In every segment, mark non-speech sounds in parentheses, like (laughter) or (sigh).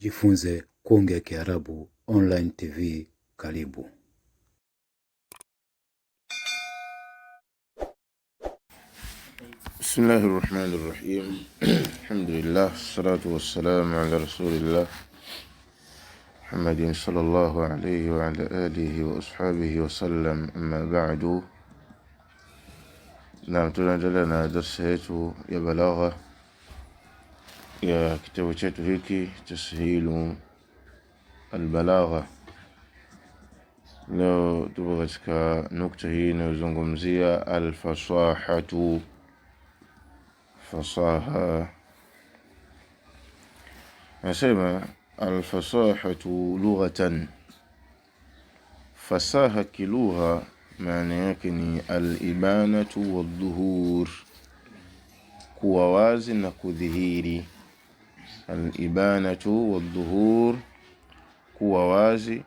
Jifunze Kuongea Kiarabu Online TV karibu. Bismillahi rahmani rahim alhamdulillah salatu wassalamu ala rasulillah Muhammadin sallallahu alayhi wa ala alihi wa ashabihi wasallam, amma ba'du. Naam, tunaendelea na darsa yetu ya balagha يا كتابة chetu hiki tashilu albalagha. Leo tupo katika nukta hii inayozungumzia alfasahatu, fasaha. Nasema alfasahatu lughatan, fasaha kilugha maana yake ni alibanatu wadhuhur, kuwa wazi na kudhihiri الإبانة والظهور كو وازي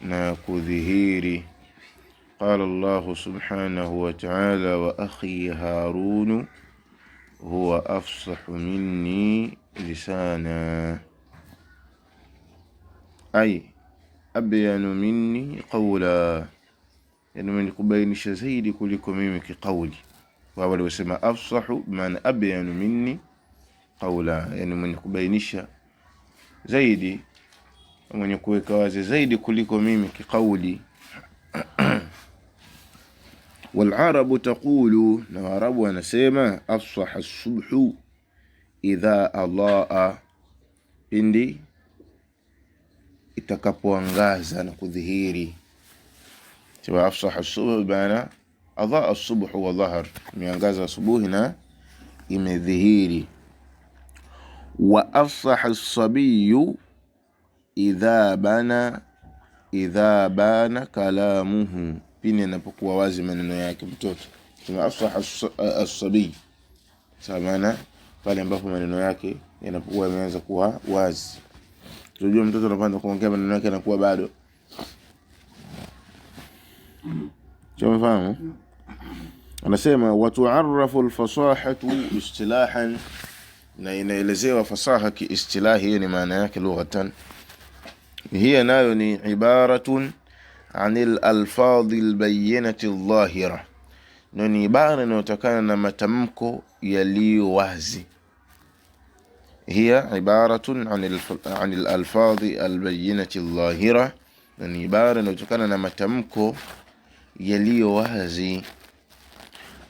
ناكذهيري قال الله سبحانه وتعالى وأخي هارون هو أفصح مني لسانا أي أبين مني قولا يعني من قبين شزيد كلكم ميمك قولي وهو لو أفصح من أبين مني qaula, yani mwenye kubainisha zaidi, mwenye kuweka wazi zaidi kuliko mimi kiqauli. (clears throat) Walarabu taqulu, na Waarabu wanasema afsaha subhu idha adaa, pindi itakapoangaza na kudhihiri. Sema subhu bana adaa subhu wa dhahar, imeangaza asubuhi na imedhihiri wa asaha sabiyu idha bana idha bana kalamuhu, pindi anapokuwa wazi maneno yake mtoto. Sema asaha as-sabi, maana pale ambapo maneno yake yanapokuwa yameanza kuwa wazi. Unajua mtoto anapanda kuongea maneno yake yanakuwa bado Umefahamu? Anasema watuarafu alfasahatu istilahan na inaelezewa fasaha kiistilahi, hiyo ni maana yake lughatan. Hiya nayo ni ibaratun anil alfadhi albayyinati aldhahira, na ni ibara inayotokana na matamko yaliyo wazi. Hiya ibaratun anil alfadhi albayinati aldhahira, no ni ibara inayotokana na matamko yaliyo wazi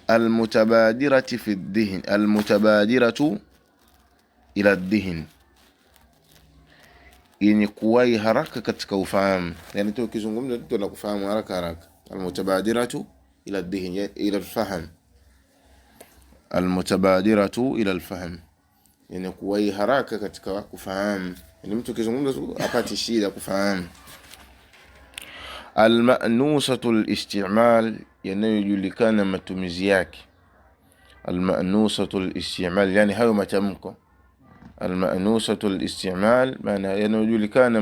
almutabadirati fi dhihni almutabadiratu ila dhihin, yenye kuwahi haraka katika ufahamu. Yani tu ukizungumza mtu anakufahamu haraka haraka. Almutabadiratu ila dhihin, ila alfahm. Almutabadiratu ila alfahm, yenye kuwahi haraka katika kufahamu. Yani mtu ukizungumza tu apati shida kufahamu. Almanusatu listimal, yanayojulikana matumizi yake. Almanusatu listimal, yani hayo matamko المأنوسة الاستعمال maana yanayojulikana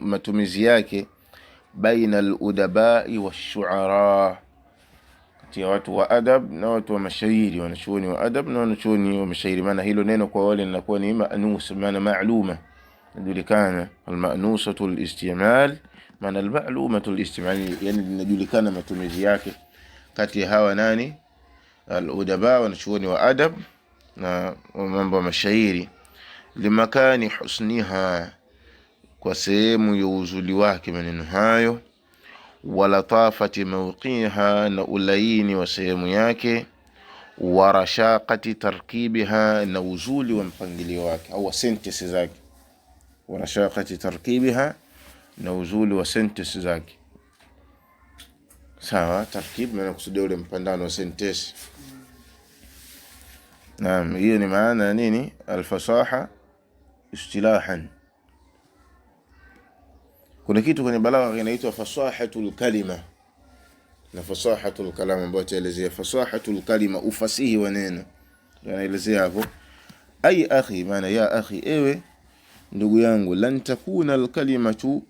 matumizi yake baina al-udabai wash-shu'ara, kati ya watu wa adab na watu wa mashairi, wanachuoni wa adab na wanachuoni wa mashairi. Maana hilo neno kwa wale linakuwa ni manus, maana maaluma inajulikana. Al-manusatu al-istimal, maana al-ma'lumatu al-istimal, yani linajulikana matumizi yake kati ya hawa nani, al-udaba, wanachuoni wa adab na mambo ya mashairi. limakani husniha, kwa sehemu ya uzuli wake maneno hayo, wa latafati mawqiha, na ulaini wa sehemu yake, wa rashaqati tarkibiha, na uzuli wa mpangilio wake au sentensi zake, wa rashaqati tarkibiha, na uzuli wa sentensi zake. Sawa, tarkib maana kusudia ule mpandano wa sentensi. Naam, hiyo ni maana ya nini alfasaha istilahan. Kuna kitu kwenye balagha kinaitwa fasahatul kalima na fasahatul kalam, ambayo taelezea fasahatul kalima, ufasihi wa neno. Anaelezea hapo, ai akhi, maana ya akhi, ewe ndugu yangu, lan takuna alkalimatu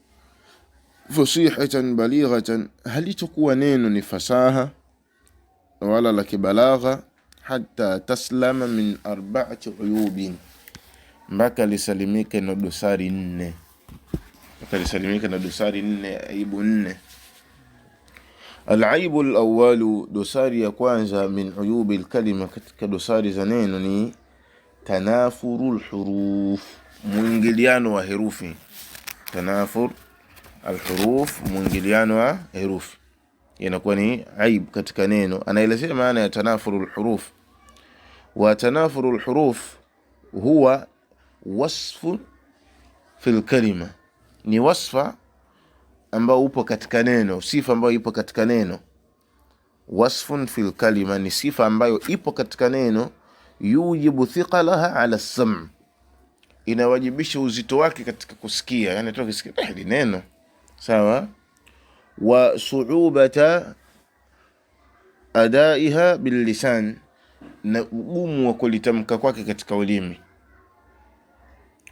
fasihatan balighatan, halitokuwa neno ni fasaha wala la kibalagha, hatta taslama min arba'ati uyubin mpaka lisalimike na dosari nne, mpaka lisalimike na dosari nne, aibu nne. Alaibu alawalu, dosari ya kwanza, min uyubi alkalima, katika dosari za neno ni tanafuru alhuruf, mwingiliano wa herufi. Tanafur alhuruf, mwingiliano wa herufi inakuwa ni aib katika neno. Anaelezea maana ya tanafuru lhuruf. Wa tanafuru lhuruf huwa wasfu fil kalima, ni wasfa ambao upo katika neno, sifa ambayo ipo katika neno. Wasfun fil kalima ni sifa ambayo ipo katika neno. Yujibu thiqalaha ala sam, inawajibisha uzito wake katika kusikia, yani toka kusikia hili eh, neno sawa. Wa suubata adaiha bil lisan, na ugumu wa kulitamka kwake katika ulimi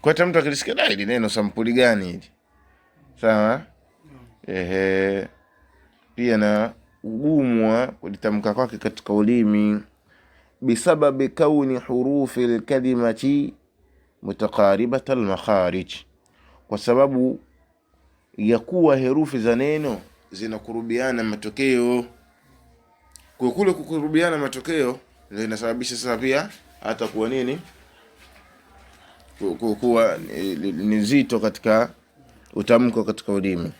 kwa hata mtu akilisikia da ili neno sampuli gani hili? Sawa? Ehe. Pia na ugumu wa kulitamka kwake katika ulimi bisababi kauni hurufi alkalimati mutaqaribata almakharij, kwa sababu ya kuwa herufi za neno zinakurubiana matokeo. Kwa kule kukurubiana matokeo ndio inasababisha sasa pia hata kuwa nini kuwa ni zito katika utamko katika ulimi.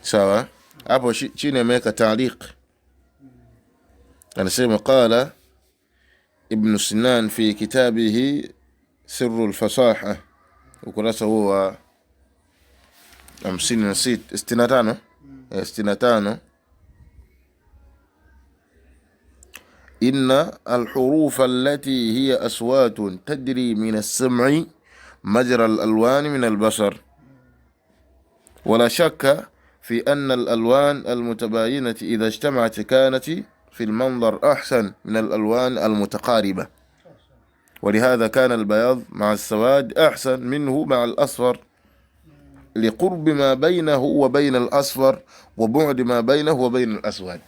Sawa, hapo chini ameweka taaliq, anasema qala Ibnu Sinan fi kitabihi siru lfasaha, ukurasa huo wa hamsini na sita sitini na tano eh, sitini na tano إن الحروف التي هي أصوات تجري من السمع مجرى الألوان من البشر ولا شك في أن الألوان المتباينة إذا اجتمعت كانت في المنظر أحسن من الألوان المتقاربة ولهذا كان البياض مع السواد أحسن منه مع الأصفر لقرب ما بينه وبين الأصفر وبعد ما بينه وبين الأسود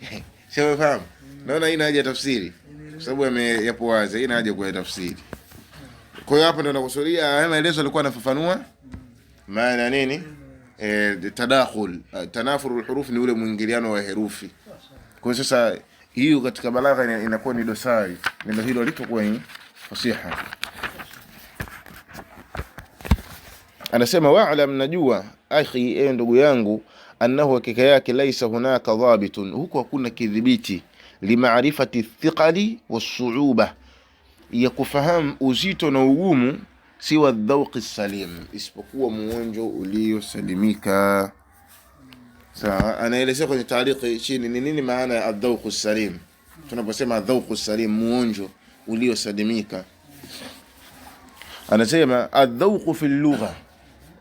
(laughs) شو فاهم؟ Naona hii inaja tafsiri kwa sababu yapo wazi, hii inaja kwa tafsiri. Kwa hiyo hapa ndo nakusudia haya maelezo alikuwa anafafanua maana nini? E, tadakhul tanafuru alhuruf ni ule mwingiliano wa herufi. Kwa hiyo sasa hiyo katika balagha inakuwa ni dosari. Neno hilo lipo kwenye fasiha. Anasema wa'lam, najua akhi, ewe ndugu yangu, annahu hakika yake, laisa hunaka dhabitun, huko hakuna kidhibiti limaarifati thiqali wasuuba, ya kufahamu uzito na ugumu, siwa dhauqi salim, isipokuwa muonjo uliosalimika. Sawa, anaelezea kwenye taariki chini ni nini maana ya adhauqu salim. Tunaposema adhauqu salim, muonjo uliosalimika, anasema adhauqu fi lugha,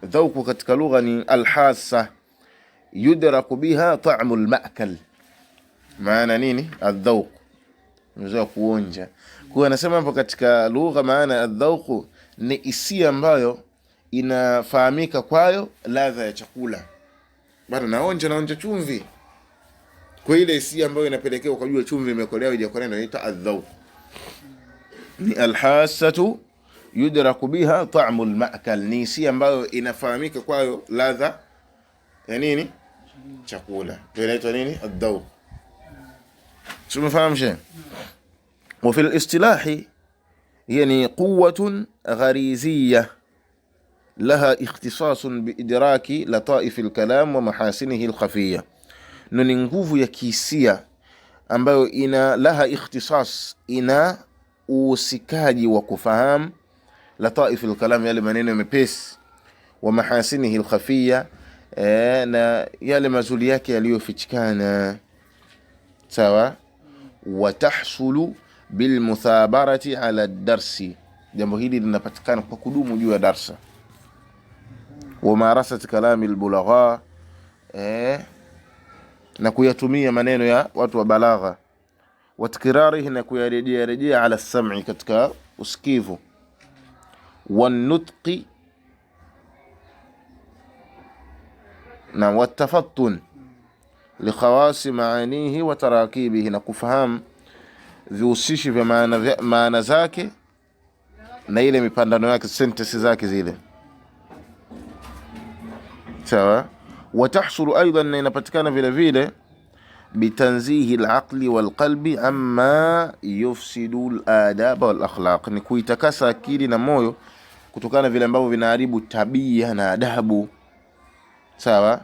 dhauqu katika lugha ni alhasa, yudraku biha ta'mu almakal maana nini adhauq, unaweza kuonja. Kwa hiyo anasema hapo katika lugha, maana ya ni hisia ambayo inafahamika kwayo ladha ya chakula. Bado naonja, naonja chumvi, kwa ile hisia ambayo inapelekea ukajua chumvi imekolea imekolewa ijakolewa, inaitwa adhauq. Ni alhasatu yudraku biha ta'mu almaakal, ni hisia ambayo inafahamika kwayo ladha ya nini chakula, inaitwa nini adhauq. Tumefahamu shehe. Wa fil istilahi hiya ni quwwatun ghariziyya laha ikhtisasun biidraki lataif alkalam wa mahasinihi alkhafiyya, no ni nguvu ya kihisia ambayo ina laha ikhtisas, ina uhusikaji wa kufahamu lataif kalam yale maneno mepesi, wa mahasinihi alkhafiyya e, na yale mazuri yake yaliyofichikana. Sawa watahsulu bilmuthabarati ala darsi, jambo hili linapatikana kwa kudumu juu ya darsa. Wamarasat kalami lbulagha, eh, na kuyatumia maneno ya watu wa balagha. Watkirarihi, na kuyarejea rejea. Ala lsami katika usikivu. Wanutqi na watafatun likhawasi maanihi wa tarakibihi, na kufahamu vihusishi vya maana, maana zake na ile mipandano yake sentensi zake zile sawa. Watahsulu aidan, na inapatikana vile vile bitanzihi alaqli walqalbi amma yufsidu aladaba walakhlaq, ni kuitakasa akili na moyo kutokana vile ambavyo vinaharibu tabia na adabu sawa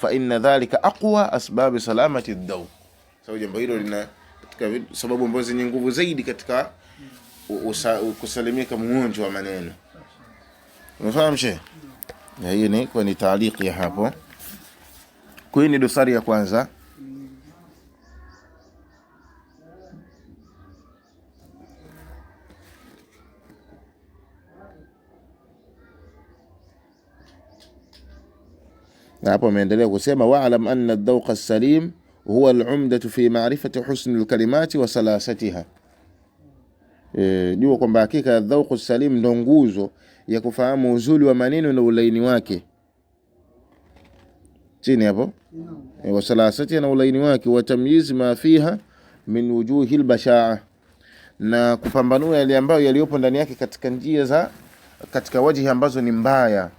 fa inna dhalika aqwa asbabi salamati dau. Sababu jambo hilo lina katika sababu ambazo zenye nguvu zaidi katika kusalimika mgonjwa wa maneno. Unafahamu shehe? Hiyo ni kwa ni taaliki ya hapo. Kwa hiyo ni dosari ya kwanza. Na hapo ameendelea kusema waalam anna dhauqa salim huwa al fi ma'rifati husn al-kalimati wa salasatiha. E, jua kwamba hakika dhauqu salim ndo nguzo ya kufahamu uzuri wa maneno na ulaini wake. Chini hapo e, wa salasatiha na ulaini wake, wa tamyiz ma fiha min wujuhi lbashaa na kupambanua yale ambayo yaliyopo ndani yake katika njia za katika wajihi ambazo ni mbaya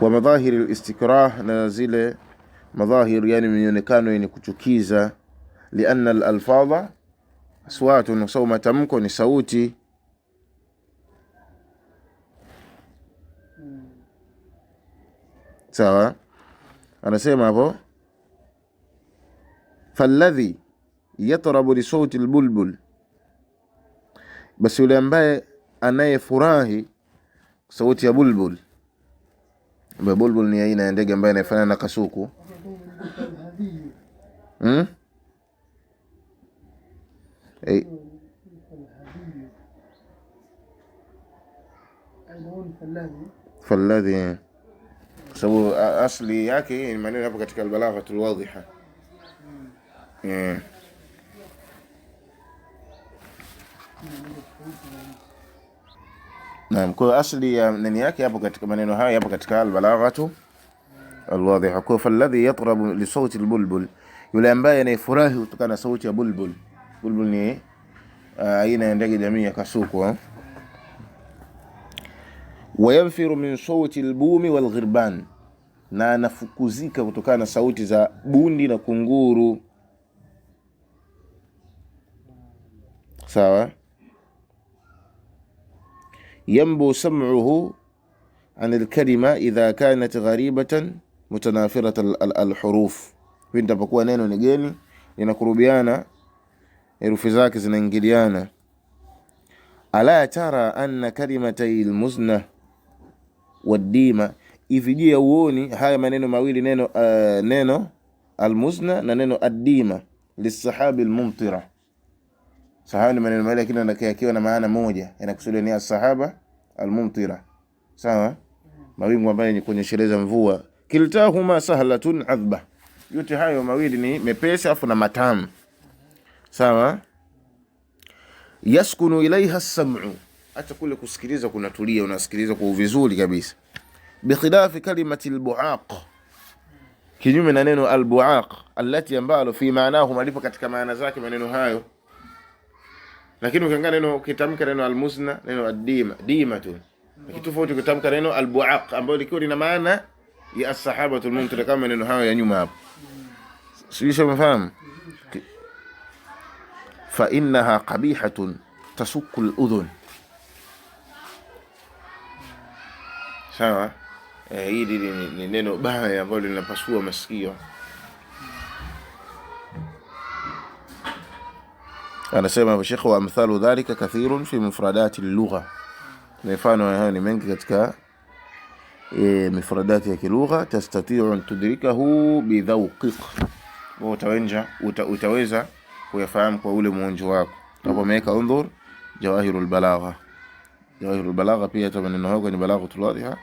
wa madhahiri listikrah, na zile madhahir yani mionekano yenye kuchukiza. Lianna alalfadha aswatun, kwa matamko ni sauti. Sawa, anasema hapo falladhi yatrabu lisauti lbulbul, basi yule ambaye anayefurahi sauti ya bulbul Bulbul ni aina ya ndege ambaye inafanana na kasuku hmm? hey. Eh. Falladhi eh. kwa sababu asli yake ni maneno hapo katika albalaghatul wadhiha yeah. Naam, kwa asli ya nani yake hapo katika maneno haya hapo katika albalaghatu alwadhiha. Kwa alladhi yatrabu li sauti albulbul, yule ambaye anafurahi kutokana na sauti ya bulbul. Bulbul ni uh, aina ya ndege jamii ya kasuku. Eh. yanfiru min sauti albumi walghirban, na anafukuzika kutokana na sauti za bundi na kunguru. Sawa yanbu sam'uhu an alkalima idha kanat gharibatan mutanafirat alhuruf al, al litapokuwa neno ni geni linakurubiana herufi zake zinaingiliana. ala tara anna kalimatay almuzna waddima, hivi je, uoni haya maneno mawili neno uh, neno almuzna na neno addima lissahabi almumtira Sahaba ni maneno mawili lakini yakiwa na maana moja, yanakusudia ni asahaba almumtira, sawa, mawingu ambayo ni kunyesheleza mvua. Kiltahuma sahlatun adhba, yote hayo mawili ni mepesi afu na matamu, sawa. Yaskunu ilaiha sam'u, hata kule kusikiliza kunatulia, unasikiliza kwa vizuri kabisa. Bikhilafi kalimati albuaq, kinyume na neno albuaq, alati ambalo fi maanahu malipo katika maana zake maneno hayo lakini ukiangalia neno ukitamka neno almusna neno adima dima tu ni tofauti kutamka neno albuaq ambayo likiwa lina maana ya ashabatu almuntada kama neno hayo ya nyuma hapo. Sio umefahamu? Fa innaha qabihatun tasukku aludhun. Sawa? Eh, hili ni neno baya ambalo linapasua masikio. Anasema Sheikh, wa amthalu dhalika kathirun fi mufradati lugha, mifano hayo ni mengi katika e, mifradati ya kilugha. Tastatiu an tudrikahu bi utawenja uta, utaweza kuyafahamu kwa ule muonjo wako. Hapo ameweka undhur jawahirul balagha, jawahirul balagha pia hata maneno hayo kwenye balaghatul wadhiha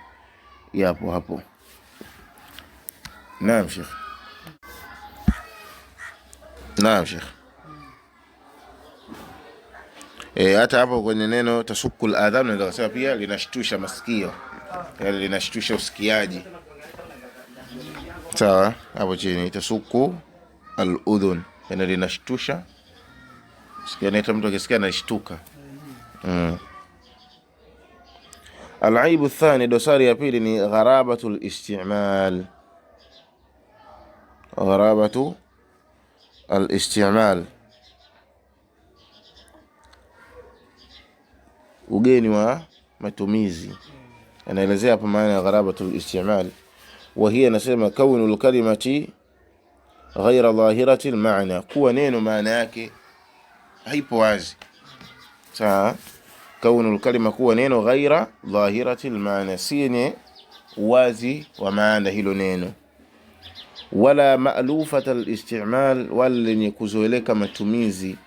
yapo hapo. Naam Sheikh, naam Sheikh. E, hata hapo kwenye neno tasukul adhan unaweza kusema pia linashtusha masikio, yani linashtusha usikiaji. Sawa, hapo chini tasuku al udhun, yani linashtusha usikia, yaani naita mtu akisikia anashtuka. Mm. Alaibu thani, dosari ya pili ni gharabatu listimal, gharabatu alistimal ugeni wa matumizi. Anaelezea hapa maana ya gharabatul istimal, wa hiya anasema kaunu lkalimati ghaira dhahirati almaana, kuwa neno maana yake haipo wazi. Sawa, kaunu lkalima, kuwa neno ghaira dhahirati almaana, si yenye uwazi wa maana hilo neno wala ma'lufata alistimal, wala lenye kuzoeleka matumizi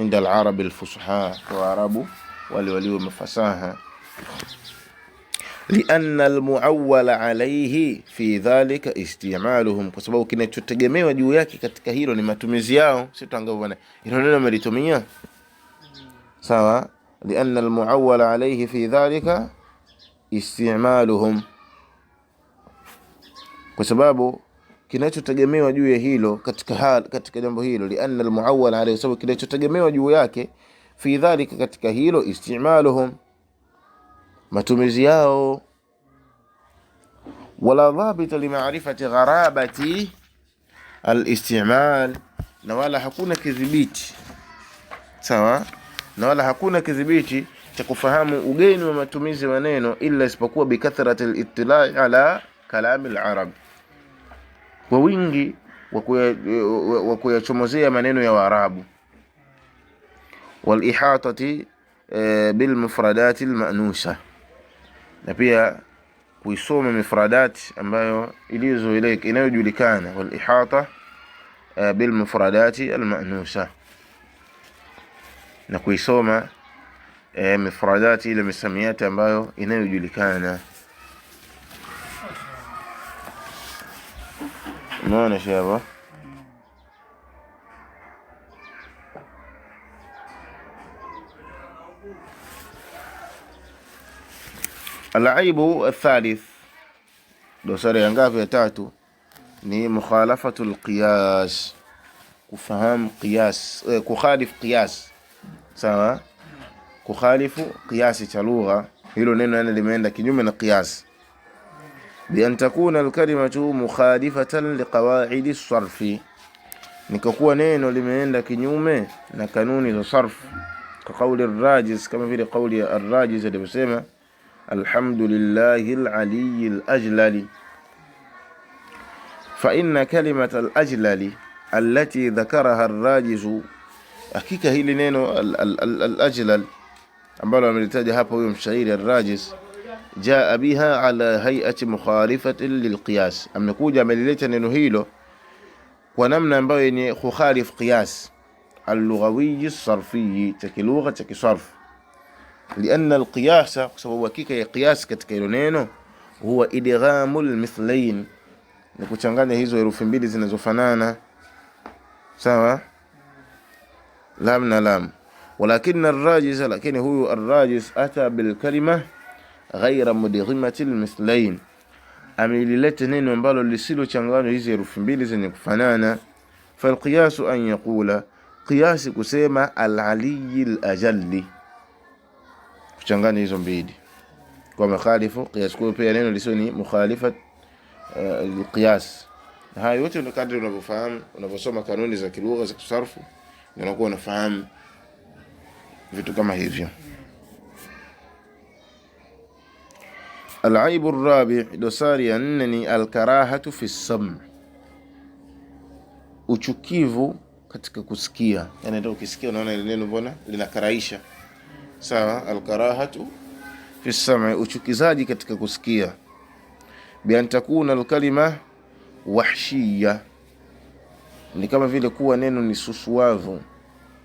inda alarabi alfusha, kwa arabu wale walio mafasaha. Lianna almuawala alaihi fi dhalika istimaluhum, kwa sababu kinachotegemewa juu yake katika hilo ni matumizi yao. Si tuangalie bwana, neno amelitumia sawa. Lianna almuawala alaihi fi dhalika istimaluhum, kwa sababu kinachotegemewa juu ya hilo katika hal, katika jambo hilo. Lianna almuawala alaihi, sababu kinachotegemewa juu yake fi dhalika, katika hilo istimaluhum, matumizi yao wala dhabita limaarifati gharabati alistimal, na wala hakuna kidhibiti sawa, na wala hakuna kidhibiti cha kufahamu ugeni wa matumizi maneno, ila isipokuwa bikathrati litilai ala kalami larab, kwa wingi wa kuyachomozea maneno ya Waarabu wal ihatati e, eh, bil mufradati al manusa, na pia kuisoma mifradati ambayo iliyozoeleka inayojulikana, wal ihata e, eh, bil mufradati al manusa, na kuisoma eh, mifradati ile misamiati ambayo inayojulikana. Unaona shaba Alaibu athalith, dosari ya ngapi? Ya tatu ni mukhalafatu alqiyas, kufahamu qiyas, eh, kukhalif qiyas. Sawa, kukhalifu qiyasi cha lugha, hilo neno yani limeenda kinyume na qiyas, bi an takuna alkalimatu mukhalifatan liqawaidi sarfi nikakuwa neno limeenda kinyume na kanuni za sarf, ka qauli ar-rajiz, kama vile qauli ar-rajiz alivyosema الحمد لله العلي الأجلل فإن كلمة الأجلل التي ذكرها الراجز حقيقة هي لنينو الأجلل أمبالو من التاجي هابو يوم شعير الراجز جاء بها على هيئة مخالفة للقياس أم نقول جامليتا ننهيلو ونمنا مبالو يعني خخالف قياس اللغوي الصرفي تكي لغة تكي صرف lianna alqiyasa, kwa sababu hakika ya qiyas katika hilo neno huwa idghamul mithlain, ni kuchanganya hizo herufi mbili zinazofanana sawa, lam na lam. Walakin arrajis, lakini huyu arrajis ata bilkalima ghaira mudghimati almithlain, amelileta neno ambalo lisilochanganywa hizi herufi mbili zenye kufanana. Falqiyasu an yaqula, qiyasi kusema alaliyi alajalli kuchanganya hizo mbili kwa makhalifu qiyas, kwa pia neno lisio ni mukhalifa alqiyas. Eh, Na hayo yote ndio kadri unavyofahamu unavyosoma kanuni za kilugha za kisarfu, ndio unakuwa unafahamu vitu kama hivyo. Alaibu rabi, dosari ya nne ni alkarahatu fi sam, uchukivu katika kusikia. Yani ndio ukisikia unaona ile neno mbona linakaraisha Sawa, alkarahatu fi sam'i, uchukizaji katika kusikia. Bi an takuna alkalima wahshiya, ni kama vile kuwa neno ni susuavu.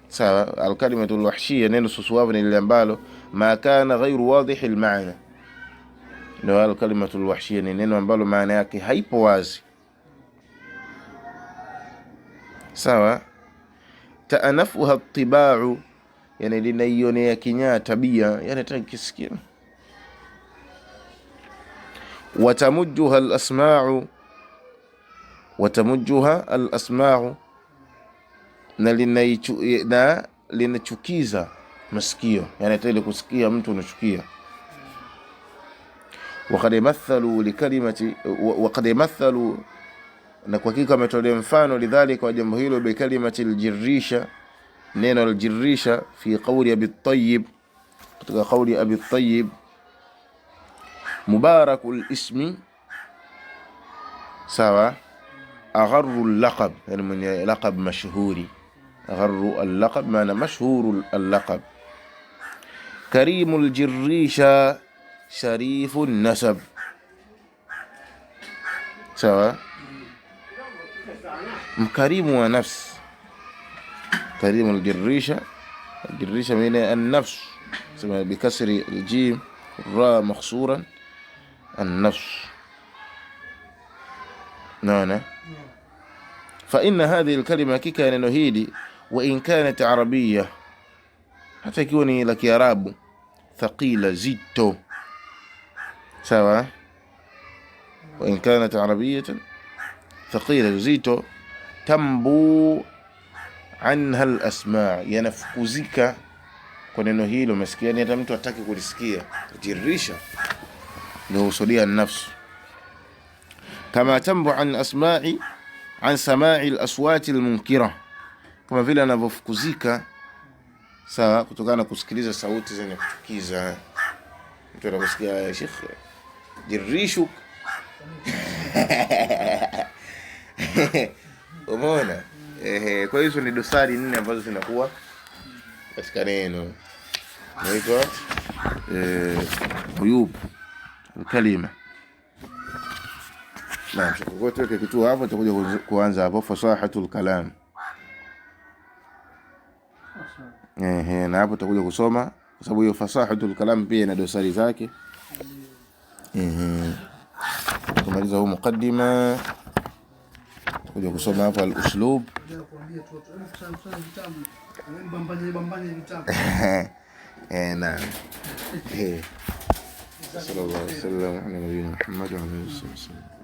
Sawa, alkalimatu alwahshiya, neno susuavu ni lile ambalo ma kana ghairu wadhihi almaana. Ndio alkalimatu alwahshiya ni neno ambalo maana yake haipo wazi. Sawa, taanafuha atibau yani linaionea kinyaa tabia, yani takisikia watamujuha alasmau, watamujuha alasmau, na linachukiza masikio, yani tele kusikia mtu unachukia. Waqad mathalu likalimati, waqad mathalu, na kwa hakika ametolea mfano lidhalika, wa jambo hilo, bikalimati aljirisha neno aljirisha fi qawli Abi Tayyib, katika kauli Abi Tayyib, mubarakul ismi sawa, agharu laqab, yani mwenye laqab mashhuri, agharu allaqab, maana mashhuru allaqab, karimu aljirisha sharifu nasab, sawa, mkarimu wa nafsi تهريم الجريشة الجريشة من النفس بكسر الجيم الراء مخصورا النفس نانا نعم. فإن هذه الكلمة كيكا نهيدي وإن كانت عربية حتى ikiwa لك يا راب thaqila زيتو سوا وإن كانت عربية arabiyatan زيتو تنبو anha alasma, yanafukuzika kwa neno hilo umesikia, ni hata mtu ataki kulisikia, kutiririsha ndio husudia nafsi, kama tambu an asma'i an samai laswati lmunkira kama vile anavyofukuzika sawa, kutokana na kusikiliza sauti zenye kuchukiza. Mtu anakusikia Sheikh, jirishu (laughs) umeona Ehe, kwa hiyo hizo ni dosari nne ambazo zinakuwa katika neno naitwa uyub eh, kalima. tuweke kitu hapo, tutakuja kuanza hapo fasahatul kalam. Ehe, na hapo tutakuja kusoma kwa sababu hiyo fasahatul kalam pia ina dosari zake. Ehe, tumaliza huu mukaddima kuja kusoma hapa al-uslub (laughs) eh, na eh.